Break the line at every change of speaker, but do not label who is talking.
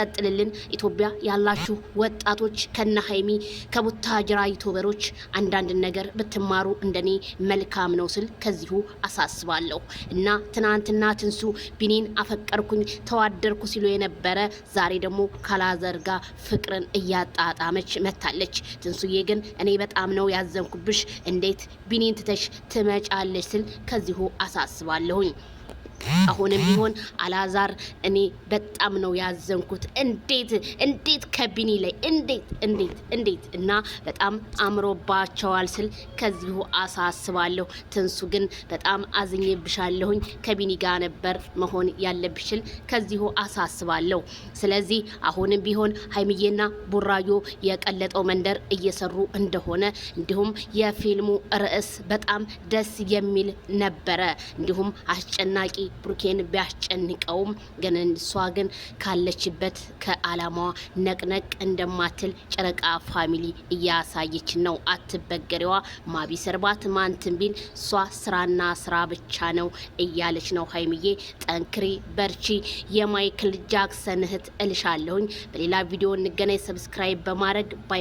ቀጥልልን ኢትዮጵያ ያላችሁ ወጣቶች ከነ ሀይሚ ከቡታጅራ ዩቱበሮች አንዳንድ ነገር ብትማሩ እንደኔ መልካም ነው ስል ከዚሁ አሳስባለሁ እና ትናንትና ትንሱ ቢኒን አፈቀርኩኝ ተዋደርኩ ሲሉ የነበረ ዛሬ ደግሞ ካላዘር ፍቅርን እያጣጣመች መታለች። ትንሱዬ ግን እኔ በጣም ነው ያዘንኩብሽ፣ እንዴት ቢኒን ትተሽ ትመጫለች ስል ከዚሁ አሳስባለሁኝ። አሁንም ቢሆን አላዛር እኔ በጣም ነው ያዘንኩት። እንዴት እንዴት ከቢኒ ላይ እንዴት እንዴት እንዴት እና በጣም አምሮባቸዋል ስል ከዚሁ አሳስባለሁ። ትንሱ ግን በጣም አዝኜብሻለሁኝ። ከቢኒ ጋር ነበር መሆን ያለብሽል። ከዚሁ አሳስባለሁ። ስለዚህ አሁንም ቢሆን ሀይምዬና ቡራዮ የቀለጠው መንደር እየሰሩ እንደሆነ እንዲሁም የፊልሙ ርዕስ በጣም ደስ የሚል ነበረ። እንዲሁም አስጨና አስጨናቂ ብሩኬን ቢያስጨንቀውም ግን እሷ ግን ካለችበት ከአላማዋ ነቅነቅ እንደማትል ጨረቃ ፋሚሊ እያሳየች ነው። አትበገሬዋ ሰርባት ማንትን ቢል እሷ ስራና ስራ ብቻ ነው እያለች ነው። ሀይምዬ ጠንክሪ፣ በርቺ የማይክል ጃክሰን እህት እልሻለሁኝ። በሌላ ቪዲዮ እንገናኝ። ሰብስክራይብ በማድረግ ባይ